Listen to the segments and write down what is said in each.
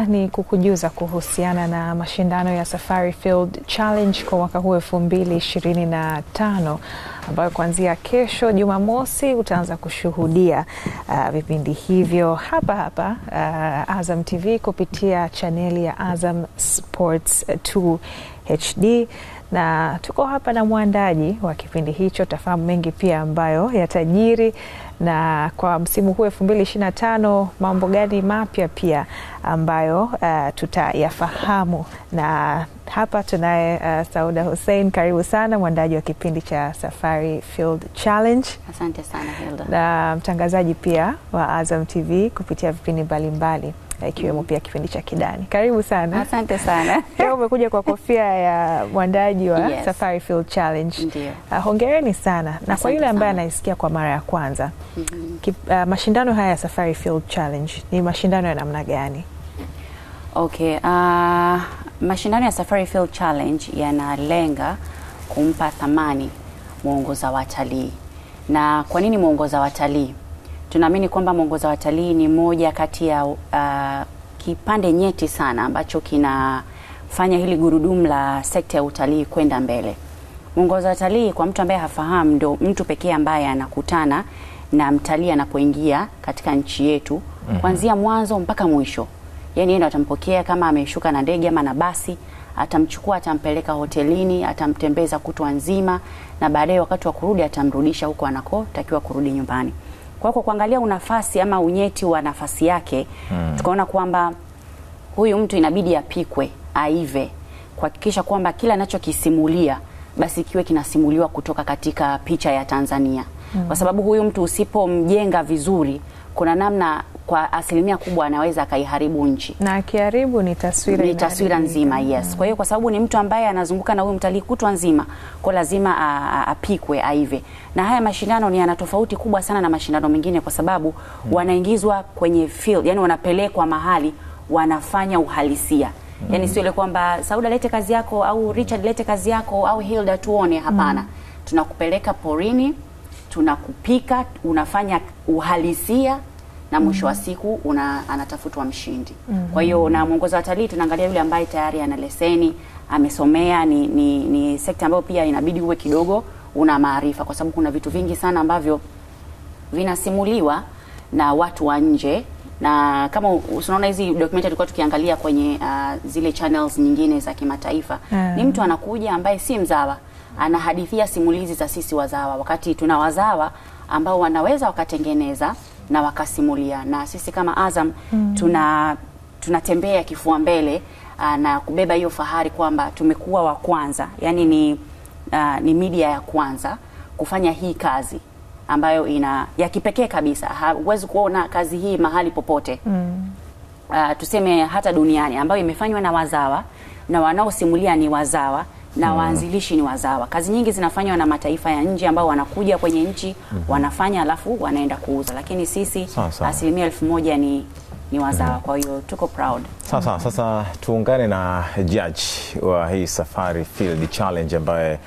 ni kukujuza kuhusiana na mashindano ya Safari Field Challenge kwa mwaka huu elfu2 tano ambayo kuanzia kesho Jumamosi utaanza kushuhudia uh, vipindi hivyo hapa hapa uh, Azam TV kupitia chaneli ya Azam Sports 2 HD na tuko hapa na mwandaji wa kipindi hicho, tafahamu mengi pia ambayo yatajiri na kwa msimu huu 2025 mambo gani mapya pia ambayo uh, tutayafahamu na hapa tunaye uh, Sauda Hussein, karibu sana, mwandaji wa kipindi cha Safari Field Challenge. Asante sana Hilda. Na mtangazaji pia wa Azam TV kupitia vipindi mbalimbali ikiwemo pia kipindi cha Kidani. Karibu sana. Asante sana. Leo umekuja kwa kofia ya mwandaji wa yes. Safari Field Challenge. Uh, hongereni sana na Asante kwa yule ambaye anaisikia kwa mara ya kwanza mm -hmm. uh, mashindano haya ya Safari Field Challenge ni mashindano ya namna gani? Okay, uh, mashindano ya Safari Field Challenge yanalenga kumpa thamani mwongoza watalii. Na kwa nini mwongoza watalii? Tunaamini kwamba mwongoza watalii ni moja kati ya uh, kipande nyeti sana ambacho kinafanya hili gurudumu la sekta ya utalii kwenda mbele. Mwongoza watalii kwa mtu ambaye hafahamu, ndo mtu pekee ambaye anakutana na mtalii anapoingia katika nchi yetu mm -hmm. kuanzia mwanzo mpaka mwisho, yani yeye ndo atampokea kama ameshuka na ndege ama na basi, atamchukua atampeleka hotelini, atamtembeza kutwa nzima, na baadaye wakati wa kurudi atamrudisha huko anakotakiwa kurudi nyumbani. Kwa hiyo kuangalia unafasi ama unyeti wa nafasi yake hmm. tukaona kwamba huyu mtu inabidi apikwe, aive, kuhakikisha kwamba kila anachokisimulia basi kiwe kinasimuliwa kutoka katika picha ya Tanzania hmm. kwa sababu huyu mtu usipomjenga vizuri, kuna namna kwa asilimia kubwa anaweza akaiharibu nchi, na akiharibu ni taswira ni taswira nzima yes. Kwa hiyo kwa sababu ni mtu ambaye anazunguka na huyu mtalii kutwa nzima, kwa lazima apikwe aive. Na haya mashindano ni yana tofauti kubwa sana na mashindano mengine, kwa sababu hmm, wanaingizwa kwenye field, yani wanapelekwa mahali wanafanya uhalisia hmm, yani sio ile kwamba Sauda lete kazi yako au Richard lete kazi yako au Hilda tuone, hapana hmm. Tunakupeleka porini, tunakupika, unafanya uhalisia na mwisho wa siku una, anatafutwa mshindi mm -hmm. Kwa hiyo na mwongozo wa TALii tunaangalia yule ambaye tayari ana leseni amesomea, ni, ni, ni sekta ambayo pia inabidi uwe kidogo una maarifa, kwa sababu kuna vitu vingi sana ambavyo vinasimuliwa na watu wa nje, na kama unaona hizi documentary tulikuwa tukiangalia kwenye uh, zile channels nyingine za kimataifa mm. Ni mtu anakuja ambaye si mzawa, anahadithia simulizi za sisi wazawa, wakati tuna wazawa ambao wanaweza wakatengeneza na wakasimulia, na sisi kama Azam mm. tuna tunatembea kifua mbele ah, na kubeba hiyo fahari kwamba tumekuwa wa kwanza, yani ni uh, ni media ya kwanza kufanya hii kazi ambayo ina ya kipekee kabisa. Huwezi kuona kazi hii mahali popote mm. uh, tuseme hata duniani ambayo imefanywa na wazawa na wanaosimulia ni wazawa na mm. waanzilishi ni wazawa. Kazi nyingi zinafanywa na mataifa ya nje ambao wanakuja kwenye nchi mm -hmm. wanafanya alafu wanaenda kuuza, lakini sisi asilimia elfu moja ni ni wazawa mm -hmm. Kwa hiyo tuko proud sasa. mm -hmm. Sasa tuungane na judge wa hii Safari Field Challenge ambaye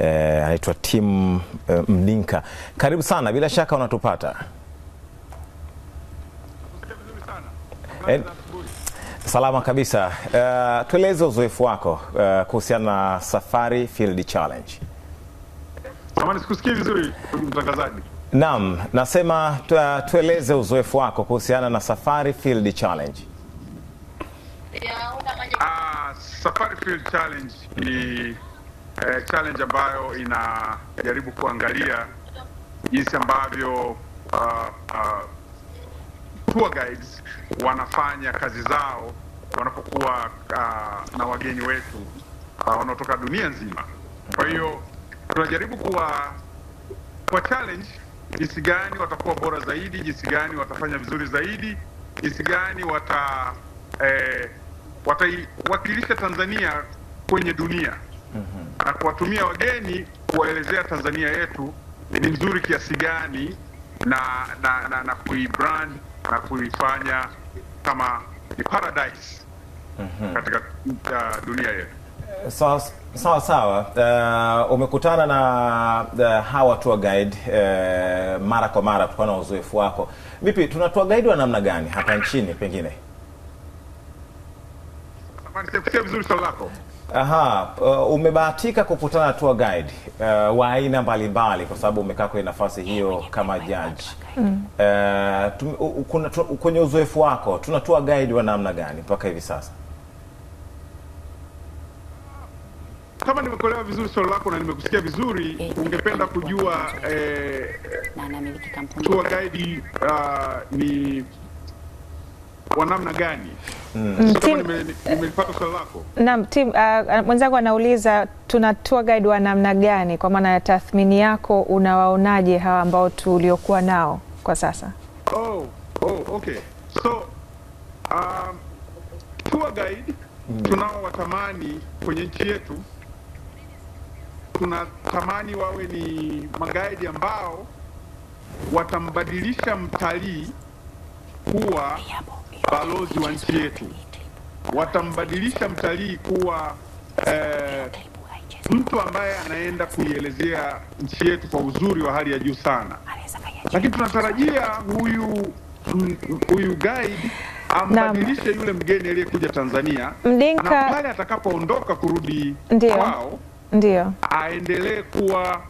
eh, anaitwa Tim eh, Mdinka. Karibu sana, bila shaka unatupata. Salama kabisa. Uh, tueleze uzoefu wako uh, kuhusiana na Safari Field Challenge. Samahani, sikusikii vizuri mtangazaji. Naam, nasema eh, tueleze uzoefu wako kuhusiana na Safari Field Challenge. Uh, Safari Field Challenge ni uh, challenge ambayo inajaribu kuangalia jinsi ambavyo uh, uh, tour guides wanafanya kazi zao wanapokuwa uh, na wageni wetu uh, wanaotoka dunia nzima. Kwa hiyo tunajaribu kuwa kwa challenge jinsi gani watakuwa bora zaidi, jinsi gani watafanya vizuri zaidi, jinsi gani wata eh, wataiwakilisha Tanzania kwenye dunia mm-hmm. na kuwatumia wageni kuwaelezea Tanzania yetu ni nzuri kiasi gani na na, na, na kuibrand na kuifanya kama ni paradise mm -hmm. katika uh, dunia yetu sawa sawa sawa Uh, umekutana na uh, hawa tour guide uh, mara kwa mara kutokana na uzoefu wako vipi tuna tour guide wa namna gani hapa nchini pengine vizuri swali lako Aha, uh, umebahatika kukutana na tour guide uh, wa aina mbalimbali kwa sababu umekaa kwenye nafasi hiyo kama judge. Mm. Uh, kwenye uzoefu wako tuna tour guide wa namna gani mpaka hivi sasa? Kama nimekuelewa vizuri swali lako na nimekusikia vizuri, eh, ungependa eh, kujua eh, eh tour guide uh, ni wa namna gani? Mm. swali lako. Naam, Tim, ah, ah, mwenzangu anauliza tuna tour guide wa namna gani, kwa maana ya tathmini yako, unawaonaje hawa ambao tuliokuwa nao kwa sasa? Oh, oh, okay. So, um, tour guide mm. tunao watamani kwenye nchi yetu, tunatamani wawe ni magaidi ambao watambadilisha mtalii kuwa balozi wa nchi yetu, watambadilisha mtalii kuwa eh, mtu ambaye anaenda kuielezea nchi yetu kwa uzuri wa hali ya juu sana, lakini tunatarajia huyu huyu guide ambadilishe yule mgeni aliyekuja Tanzania Mdinka... na pale atakapoondoka kurudi kwao, ndio aendelee kuwa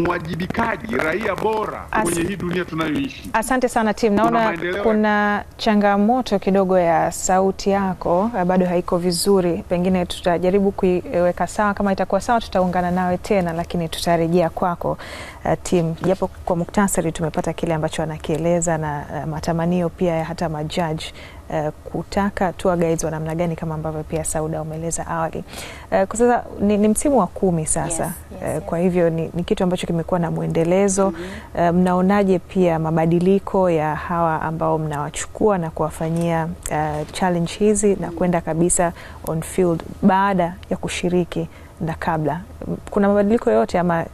mwajibikaji, raia bora As kwenye hii dunia tunayoishi. Asante sana Tim, naona kuna, kuna changamoto kidogo ya sauti yako eh, bado haiko vizuri, pengine tutajaribu kuiweka sawa. Kama itakuwa sawa, tutaungana nawe tena, lakini tutarejea kwako uh, Tim, japo kwa muktasari tumepata kile ambacho anakieleza na uh, matamanio pia ya hata majaji Eh, kutaka tour guides wa namna gani kama ambavyo pia Sauda umeeleza awali. Uh, kwa sasa ni, ni msimu wa kumi sasa. Yes, yes, uh, kwa hivyo ni, ni kitu ambacho kimekuwa na mwendelezo mm -hmm. uh, mnaonaje pia mabadiliko ya hawa ambao mnawachukua na kuwafanyia uh, challenge hizi mm -hmm. na mm-hmm. kwenda kabisa on field baada ya kushiriki na kabla, kuna mabadiliko yote ama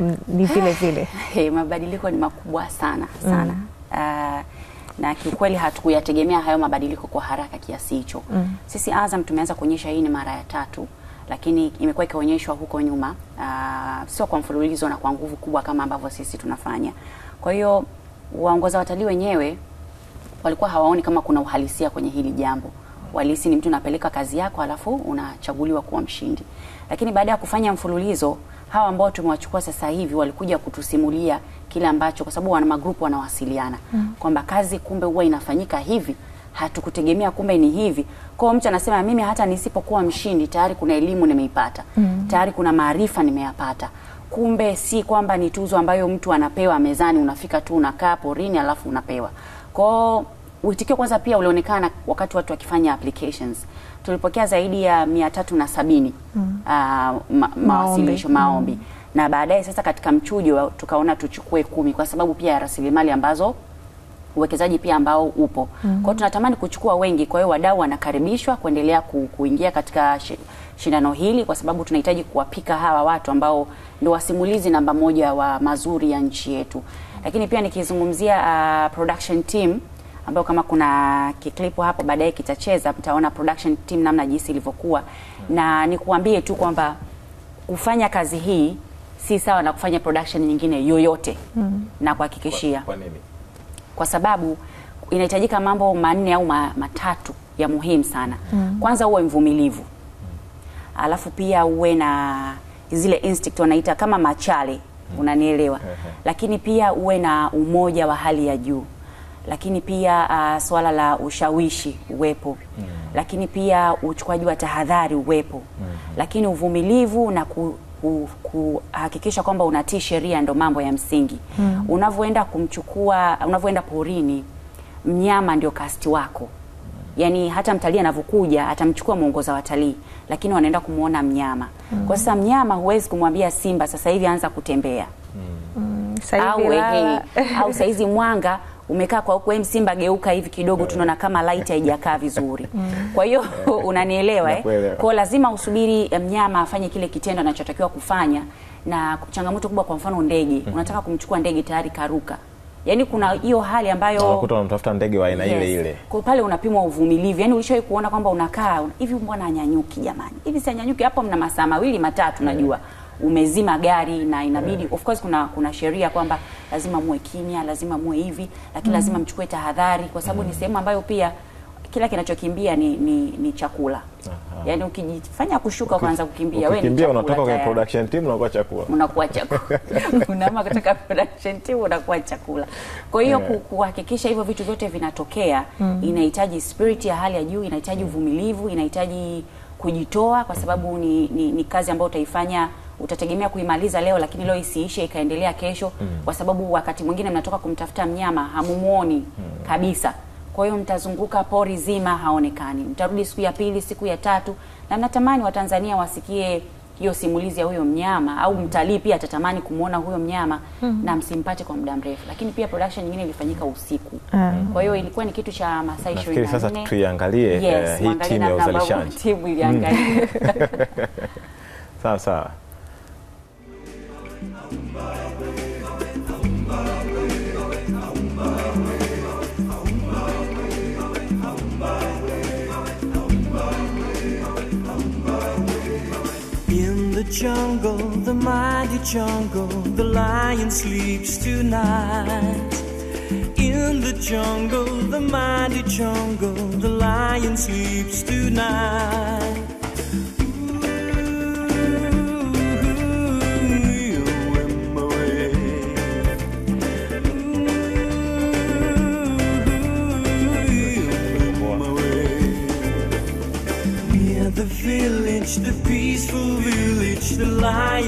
mm, ni vile vile? Hey, mabadiliko ni makubwa sana sana mm -hmm. uh, na kiukweli hatukuyategemea hayo mabadiliko kwa haraka kiasi hicho. Mm. Sisi Azam tumeanza kuonyesha hii ni mara ya tatu, lakini imekuwa ikionyeshwa huko nyuma uh, sio kwa mfululizo na kwa nguvu kubwa kama ambavyo sisi tunafanya. Kwa hiyo waongoza watalii wenyewe walikuwa hawaoni kama kuna uhalisia kwenye hili jambo walihisi ni mtu unapeleka kazi yako alafu unachaguliwa kuwa mshindi. Lakini baada ya kufanya mfululizo, hawa ambao tumewachukua sasa hivi walikuja kutusimulia kile ambacho, kwa sababu wana magrupu wanawasiliana mm. -hmm. kwamba kazi kumbe huwa inafanyika hivi, hatukutegemea kumbe ni hivi. Kwa mtu anasema mimi hata nisipokuwa mshindi tayari kuna elimu nimeipata mm. -hmm. tayari kuna maarifa nimeyapata kumbe si kwamba ni tuzo ambayo mtu anapewa mezani, unafika tu unakaa porini alafu unapewa kwao. Mwitikio kwanza pia ulionekana wakati watu wakifanya applications. Tulipokea zaidi ya mia tatu na sabini mm. uh, ma, mawasilisho maombi mm. na baadaye sasa katika mchujo tukaona tuchukue kumi kwa sababu pia ya rasilimali ambazo uwekezaji pia ambao upo mm -hmm. Kwa hiyo tunatamani kuchukua wengi, kwa hiyo wadau wanakaribishwa kuendelea ku, kuingia katika shindano hili kwa sababu tunahitaji kuwapika hawa watu ambao ndio wasimulizi namba moja wa mazuri ya nchi yetu, lakini pia nikizungumzia uh, production team ambayo kama kuna kiklipu hapo baadaye kitacheza, mtaona production team namna jinsi ilivyokuwa mm. Na nikuambie tu kwamba kufanya kazi hii si sawa na kufanya production nyingine yoyote mm. Na kuhakikishia kwa, kwa nini? Kwa sababu inahitajika mambo manne au matatu ya muhimu sana mm. Kwanza uwe mvumilivu, mm. alafu pia uwe na zile instinct wanaita kama machale, mm. unanielewa? Lakini pia uwe na umoja wa hali ya juu lakini pia uh, swala la ushawishi uwepo mm. lakini pia uchukuaji wa tahadhari uwepo mm -hmm. lakini uvumilivu na ku, ku, kuhakikisha kwamba unatii sheria ndo mambo ya msingi mm. unavyoenda kumchukua, unavyoenda porini, mnyama ndio kasti wako mm-hmm. Yaani hata mtalii anavyokuja atamchukua mwongoza watalii, lakini wanaenda kumwona mnyama mm -hmm. Kwa sasa mnyama huwezi kumwambia simba sasa hivi anza kutembea mm -hmm. au, eh, eh, au saizi mwanga umekaa kwa huko Simba, geuka hivi kidogo, eh. tunaona kama light haijakaa vizuri. Mm. Kwa hiyo unanielewa eh? Kwa lazima usubiri eh, mnyama afanye kile kitendo anachotakiwa kufanya, na changamoto kubwa, kwa mfano ndege, mm. unataka kumchukua ndege, tayari karuka Yaani kuna hiyo hali ambayo unakuta unamtafuta ndege wa aina yes, ile ile. Kwa pale unapimwa uvumilivu. Yaani ulishawahi kuona kwamba unakaa hivi, mbona anyanyuki jamani? Hivi si anyanyuki hapo, mna masaa mawili matatu eh. najua umezima gari na inabidi of course kuna kuna sheria kwamba lazima muwe kimya, lazima muwe hivi, lakini mm. lazima mchukue tahadhari kwa sababu mm. ni sehemu ambayo pia kila kinachokimbia ni, ni, ni chakula. Aha. Yani ukijifanya kushuka ukaanza kukimbia wewe ukikimbia unatoka kwenye production team unakuwa chakula. Unakuwa chakula. Unaama kutoka production team unakuwa chakula. Kwa hiyo yeah. kuhakikisha hivyo vitu vyote vinatokea mm. inahitaji spirit ya hali ya juu, inahitaji uvumilivu, mm. inahitaji kujitoa kwa sababu ni, ni, ni kazi ambayo utaifanya utategemea kuimaliza leo, lakini leo isiishe ikaendelea kesho mm. kwa sababu wakati mwingine mnatoka kumtafuta mnyama hamumuoni mm. kabisa. Kwa hiyo mtazunguka pori zima haonekani, mtarudi siku ya pili, siku ya tatu, na natamani Watanzania wasikie hiyo simulizi ya huyo mnyama au hmm. mtalii pia atatamani kumwona huyo mnyama mm -hmm. na msimpate kwa muda mrefu. Lakini pia production nyingine ilifanyika usiku mm -hmm. kwa hiyo ilikuwa ni kitu cha masaa 24. Sasa tuiangalie yes, uh, hii timu ya uzalishaji timu iliangalie hmm. sawa sawa. jungle, the mighty jungle, the lion sleeps tonight. In the jungle, the mighty jungle, the lion sleeps tonight.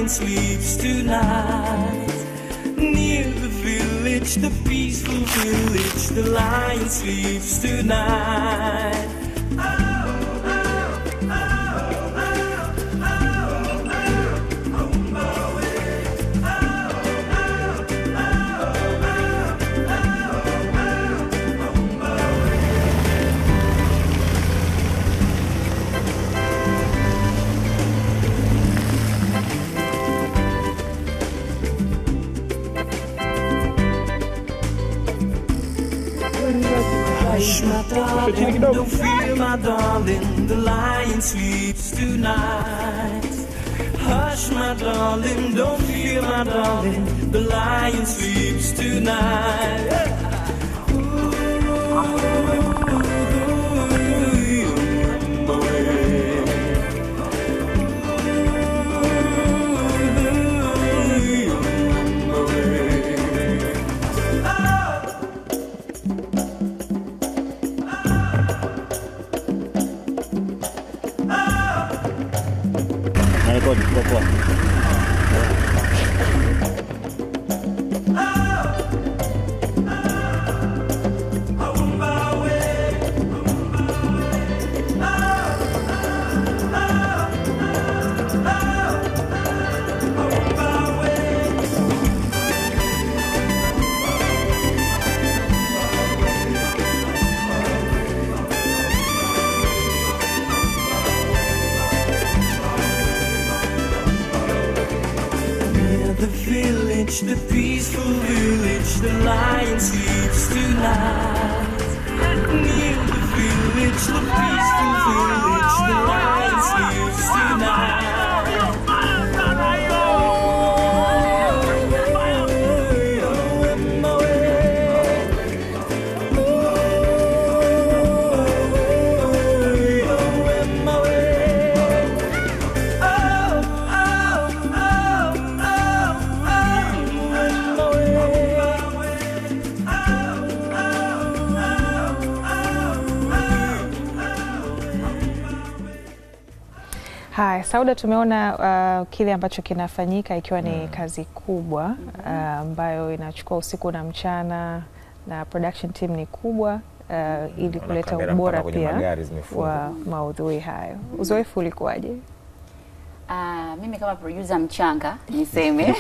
sleeps tonight. Near the village, the peaceful village, the lion sleeps tonight. Don't fear, my darling, the lion sleeps tonight. Hush, my darling, don't fear, my darling, the lion sleeps tonight. Ooh. Sauda, tumeona uh, kile ambacho kinafanyika ikiwa ni mm. kazi kubwa mm-hmm. uh, ambayo uh, inachukua usiku na mchana na production team ni kubwa uh, mm-hmm. ili kuleta ubora pia wa maudhui hayo. Uzoefu ulikuwaje? Uh, mimi kama producer mchanga niseme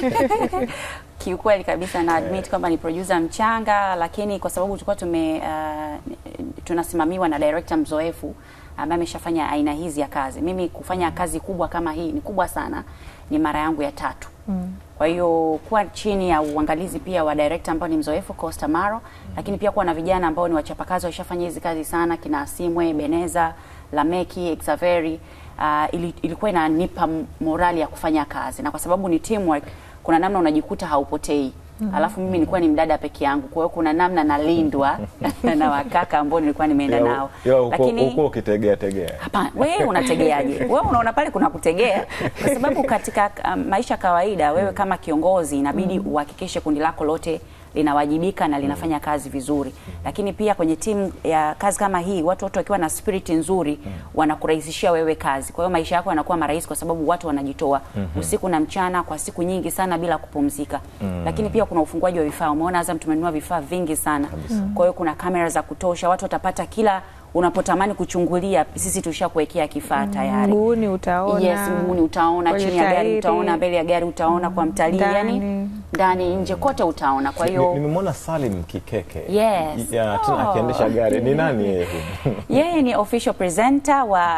kiukweli kabisa na admit eh. kwamba ni producer mchanga, lakini kwa sababu tulikuwa tume uh, tunasimamiwa na director mzoefu ambaye ameshafanya aina hizi ya kazi. Mimi kufanya kazi kubwa kama hii ni kubwa sana, ni mara yangu ya tatu mm. Kwa hiyo kuwa chini ya uangalizi pia wa director ambao ni mzoefu Costa Maro mm. Lakini pia kuwa na vijana ambao ni wachapakazi washafanya hizi kazi sana, kina Simwe, Beneza, Lameki, Xaveri uh, ilikuwa inanipa morali ya kufanya kazi, na kwa sababu ni teamwork, kuna namna unajikuta haupotei mm -hmm. Alafu mimi nilikuwa ni mdada peke yangu, kwa hiyo kuna namna nalindwa na wakaka ambao nilikuwa nimeenda nao, lakini uko ukitegea tegea. Hapana, wewe unategeaje? Wewe unaona pale kuna kutegea, kwa sababu katika um, maisha kawaida wewe kama kiongozi inabidi mm. uhakikishe kundi lako lote linawajibika na mm. linafanya kazi vizuri. Lakini pia kwenye timu ya kazi kama hii, watu wote wakiwa na spirit nzuri mm. wanakurahisishia wewe kazi, kwa hiyo maisha yako yanakuwa marahisi, kwa sababu watu wanajitoa mm-hmm. usiku na mchana kwa siku nyingi sana bila kupumzika mm. Lakini pia kuna ufunguaji wa vifaa. Umeona Azam tumenunua vifaa vingi sana kwa hiyo kuna kamera za kutosha, watu watapata kila unapotamani kuchungulia, sisi tushakuwekea kifaa mm, tayari. Mguuni utaona, yes, mguuni utaona, chini ya gari utaona, mbele ya gari utaona, kwa mtalii yani ndani nje kote utaona. Kwa hiyo nimemwona Salim Kikeke yes. ya, oh. akiendesha gari ni nani yeye? yeye ni official presenter wa,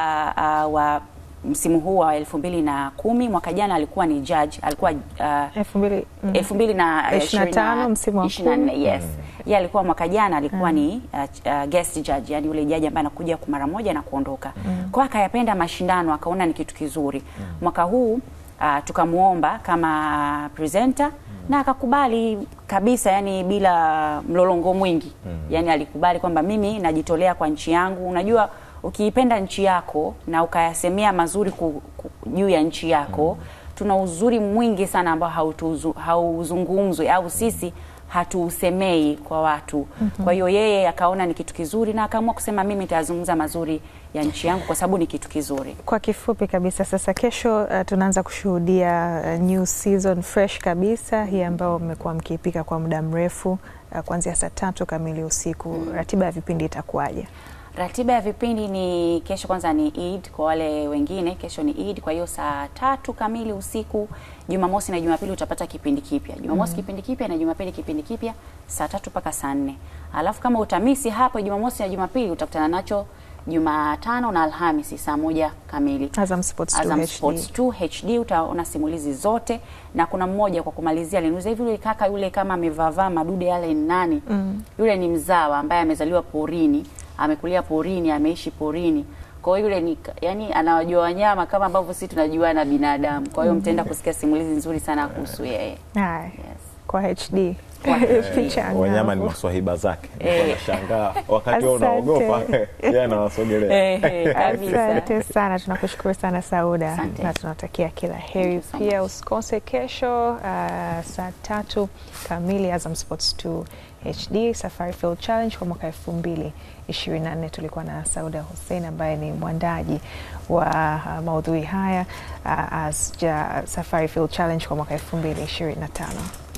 uh, wa msimu huu wa elfu mbili na kumi mwaka jana alikuwa ni judge, alikuwa uh, elfu mbili, mm. na ishirini na tano msimu wa kumi, yes mm. yeye alikuwa mwaka jana alikuwa mm. ni uh, uh, guest judge, yani yule jaji ambaye anakuja kwa mara moja na kuondoka mm. kwa akayapenda mashindano akaona ni kitu kizuri mm. mwaka huu uh, tukamuomba kama presenter mm. na akakubali kabisa, yani bila mlolongo mwingi mm. yani alikubali kwamba mimi najitolea kwa nchi yangu, unajua ukiipenda nchi yako na ukayasemea mazuri juu ya nchi yako mm. tuna uzuri mwingi sana ambao hauzungumzwi au sisi hatuusemei kwa watu mm -hmm. Kwa hiyo yeye akaona ni kitu kizuri na akaamua kusema mimi nitazungumza mazuri ya nchi yangu kwa sababu ni kitu kizuri. Kwa kifupi kabisa, sasa kesho uh, tunaanza kushuhudia uh, new season fresh kabisa hii ambayo mmekuwa mkiipika kwa muda mrefu uh, kuanzia saa tatu kamili usiku mm. Ratiba ya vipindi itakuwaje? Ratiba ya vipindi ni kesho, kwanza ni Eid kwa wale wengine, kesho ni Eid. Kwa hiyo saa tatu kamili usiku Jumamosi na Jumapili utapata kipindi kipya. Jumamosi mm -hmm. kipindi kipya na Jumapili kipindi kipya saa tatu mpaka saa nne. Alafu kama utamisi hapo Jumamosi na Jumapili utakutana nacho Jumatano na Alhamisi saa moja kamili. Azam Sports 2 Azam Sports 2 HD utaona simulizi zote, na kuna mmoja kwa kumalizia aliniuliza hivi, yule kaka yule kama amevaa madude yale ni nani? mm. Yule ni mzawa ambaye amezaliwa porini amekulia porini, ameishi porini. Kwa hiyo yule ni yani anawajua wanyama kama ambavyo sisi tunajua na binadamu. Kwa hiyo mm-hmm. mtaenda kusikia simulizi nzuri sana kuhusu yeye. Yes. Kwa HD. wanyama ni maswahiba zake. Eh. Nashangaa wakati unaogopa yeye anawasogelea. Eh, eh, Asante sana, tunakushukuru sana Sauda na tunatakia kila heri pia. Usikose kesho uh, saa tatu kamili Azam Sports 2 HD Safari Field Challenge kwa mwaka 2024. Tulikuwa na Sauda Hussein ambaye ni mwandaji wa uh, maudhui haya uh, as ja uh, Safari Field Challenge kwa mwaka 2025.